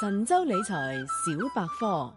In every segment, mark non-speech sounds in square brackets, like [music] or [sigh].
神州理財小百科。.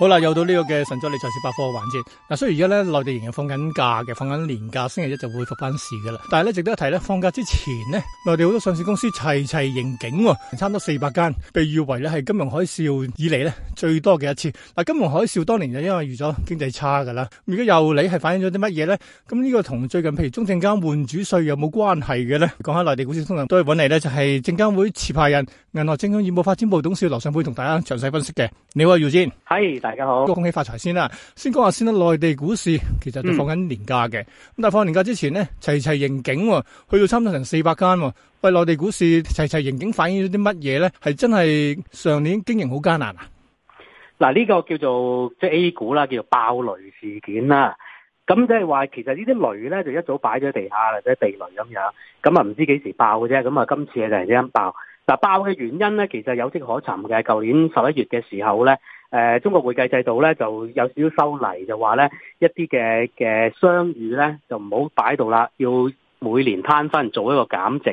好啦，又到呢個嘅神州理財小百科嘅環節。嗱，雖然而家咧內地仍然放緊假嘅，放緊年假，星期一就會復翻市噶啦。但係咧，值得一提咧，放假之前呢，內地好多上市公司齊齊盈警、哦，差唔多四百間，被譽為咧係金融海嘯以嚟咧最多嘅一次。嗱，金融海嘯當年就因為預咗經濟差噶啦，如果又你係反映咗啲乜嘢咧？咁、這、呢個同最近譬如中證監換主席有冇關係嘅咧？講下內地股市通常都係揾嚟咧，就係、是、證監會持牌人、銀河證券業務發展部董事羅尚沛同大家詳細分析嘅。你好啊，姚大家好，恭喜發財先啦！先講下先啦，內地股市其實就放緊年假嘅，咁、嗯、但係放年假之前咧，齊齊盈警喎，去到差唔多成四百間喎。喂，內地股市齊齊盈警，反映咗啲乜嘢咧？係真係上年經營好艱難啊！嗱，呢個叫做即、就是、A 股啦，叫做爆雷事件啦。咁即係話，其實呢啲雷咧就一早擺咗地下或者地雷咁樣，咁啊唔知幾時爆嘅啫。咁啊今次就突然之間爆。嗱，爆嘅原因咧，其實有跡可尋嘅。舊年十一月嘅時候咧。誒、呃，中國會計制度咧就有少少修例，就話咧一啲嘅嘅商譽咧就唔好擺度啦，要每年攤分做一個減值。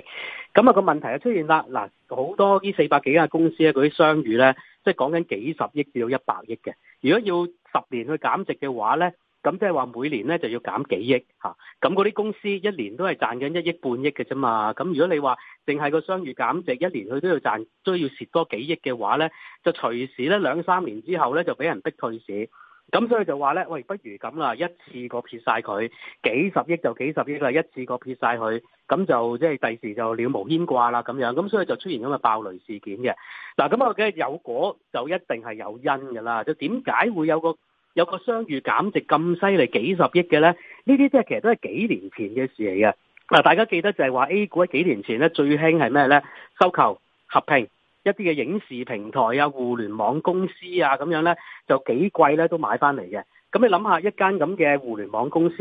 咁、那、啊，個問題就出現啦，嗱，好多呢四百幾間公司咧，嗰啲商譽咧，即係講緊幾十億至到一百億嘅，如果要十年去減值嘅話咧。咁即係話每年咧就要減幾億咁，嗰啲公司一年都係賺緊一億半億嘅啫嘛。咁如果你話淨係個商譽減值，一年佢都要賺都要蝕多幾億嘅話咧，就隨時咧兩三年之後咧就俾人逼退市。咁所以就話咧，喂，不如咁啦，一次過撇晒佢幾十億就幾十億啦，一次過撇晒佢，咁就即係第時就了無牽掛啦咁樣。咁所以就出現咁嘅爆雷事件嘅。嗱，咁梗係有果就一定係有因㗎啦。就點解會有個？有個商譽減值咁犀利幾十億嘅呢？呢啲即係其實都係幾年前嘅事嚟嘅。嗱，大家記得就係話 A 股喺幾年前呢最興係咩呢？收購合併一啲嘅影視平台啊、互聯網公司啊咁樣呢，就幾貴呢都買翻嚟嘅。咁你諗下，一間咁嘅互聯網公司，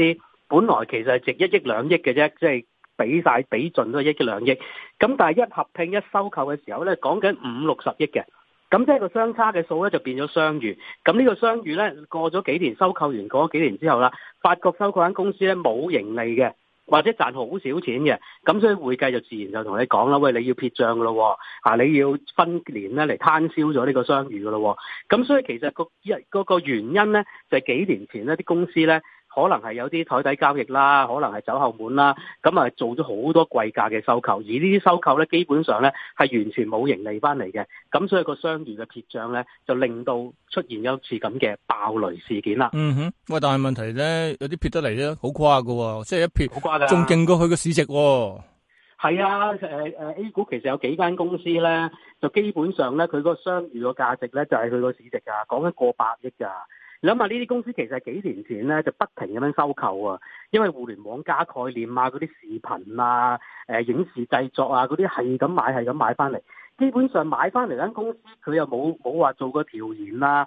本來其實係值一億兩億嘅啫，即係俾晒、俾盡都係一億兩億。咁但係一合併一收購嘅時候呢，講緊五六十億嘅。咁即係個相差嘅數咧，就變咗商譽。咁呢個商譽咧，過咗幾年收購完嗰幾年之後啦，發覺收購間公司咧冇盈利嘅，或者賺好少錢嘅。咁所以會計就自然就同你講啦，喂，你要撇賬噶咯喎，啊，你要分年咧嚟攤銷咗呢個商譽噶咯喎。咁所以其實個一個原因咧，就係幾年前咧啲公司咧。可能係有啲台底交易啦，可能係走後門啦，咁啊做咗好多貴價嘅收購，而呢啲收購呢基本上呢係完全冇盈利翻嚟嘅，咁所以個商譽嘅撇帳呢就令到出現有一次咁嘅爆雷事件啦。嗯哼，喂，但係問題呢有啲撇得嚟呢好誇噶，即係一撇好誇噶，仲勁過佢個市值。係啊，誒、呃、a 股其實有幾間公司呢就基本上呢佢個商譽嘅價值呢就係佢個市值啊，講緊過百億噶。你諗下呢啲公司其實幾年前呢，就不停咁樣收購啊，因為互聯網加概念啊，嗰啲視頻啊、誒影視製作啊嗰啲，係咁買，係咁買翻嚟，基本上買翻嚟間公司佢又冇冇話做過調研啦。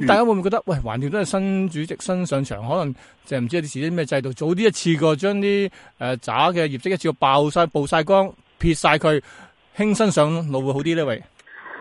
嗯、大家會唔會覺得，喂，橫掂都係新主席新上場，可能就唔知啲事啲咩制度，早啲一次過將啲誒渣嘅業績一次過爆曬、曝曬光、撇曬佢，輕身上路會好啲呢？喂，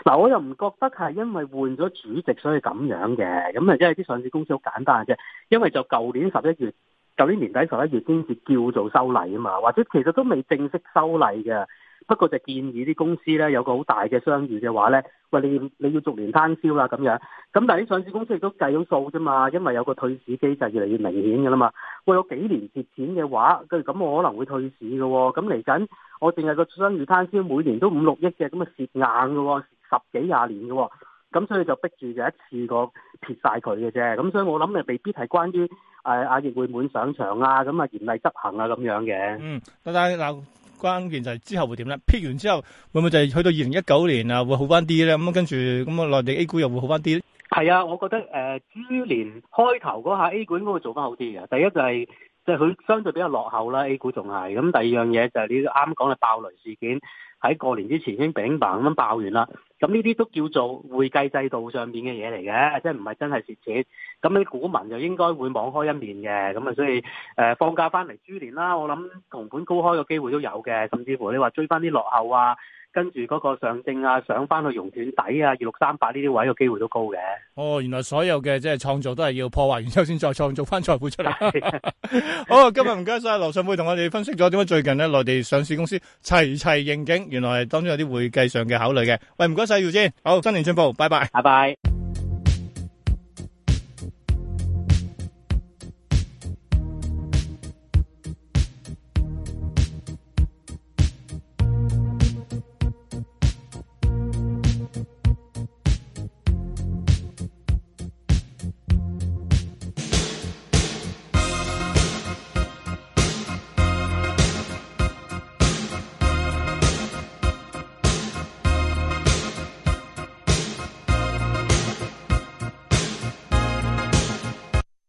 嗱，我又唔覺得係因為換咗主席所以咁樣嘅，咁啊，因為啲上市公司好簡單嘅啫，因為就舊年十一月、舊年年底十一月先至叫做修例啊嘛，或者其實都未正式修例嘅。不過就建議啲公司咧有個好大嘅商譽嘅話咧，喂，你要你要逐年攤銷啦咁樣，咁但係啲上市公司亦都計咗數啫嘛，因為有個退市機制越嚟越明顯噶啦嘛，喂，有幾年蝕錢嘅話，佢咁我可能會退市噶、哦，咁嚟緊我淨係個商譽攤銷每年都五六億嘅，咁啊蝕硬噶、哦，十幾廿年噶，咁所以就逼住就一次過撇晒佢嘅啫，咁所以我諗啊未必係關於誒阿易會滿上場啊，咁啊嚴厲執行啊咁樣嘅。嗯，得啦關鍵就係之後會點咧？批完之後會唔會就係去到二零一九年啊，會好翻啲咧？咁跟住咁啊，內地 A 股又會好翻啲咧？係啊，我覺得誒，豬、呃、年開頭嗰下 A 股應該會做翻好啲嘅。第一就係即係佢相對比較落後啦，A 股仲係。咁第二樣嘢就係你啱啱講嘅爆雷事件。喺過年之前已經炳棒咁樣爆完啦，咁呢啲都叫做會計制度上面嘅嘢嚟嘅，即係唔係真係蝕錢，咁你股民就應該會網開一面嘅，咁啊所以誒、呃、放假翻嚟豬年啦，我諗紅盤高開嘅機會都有嘅，甚至乎你話追翻啲落後啊，跟住嗰個上證啊上翻去熔斷底啊二六三八呢啲位嘅機會都高嘅。哦，原來所有嘅即係創造都係要破壞完之後先再創造翻財富出嚟。是的 [laughs] 好，今日唔該晒羅尚沛同我哋分析咗點解最近咧內地上市公司齊齊發盈警。原來係當中有啲會計上嘅考慮嘅。喂，唔該曬，姚先好，新年進步，拜拜。拜拜。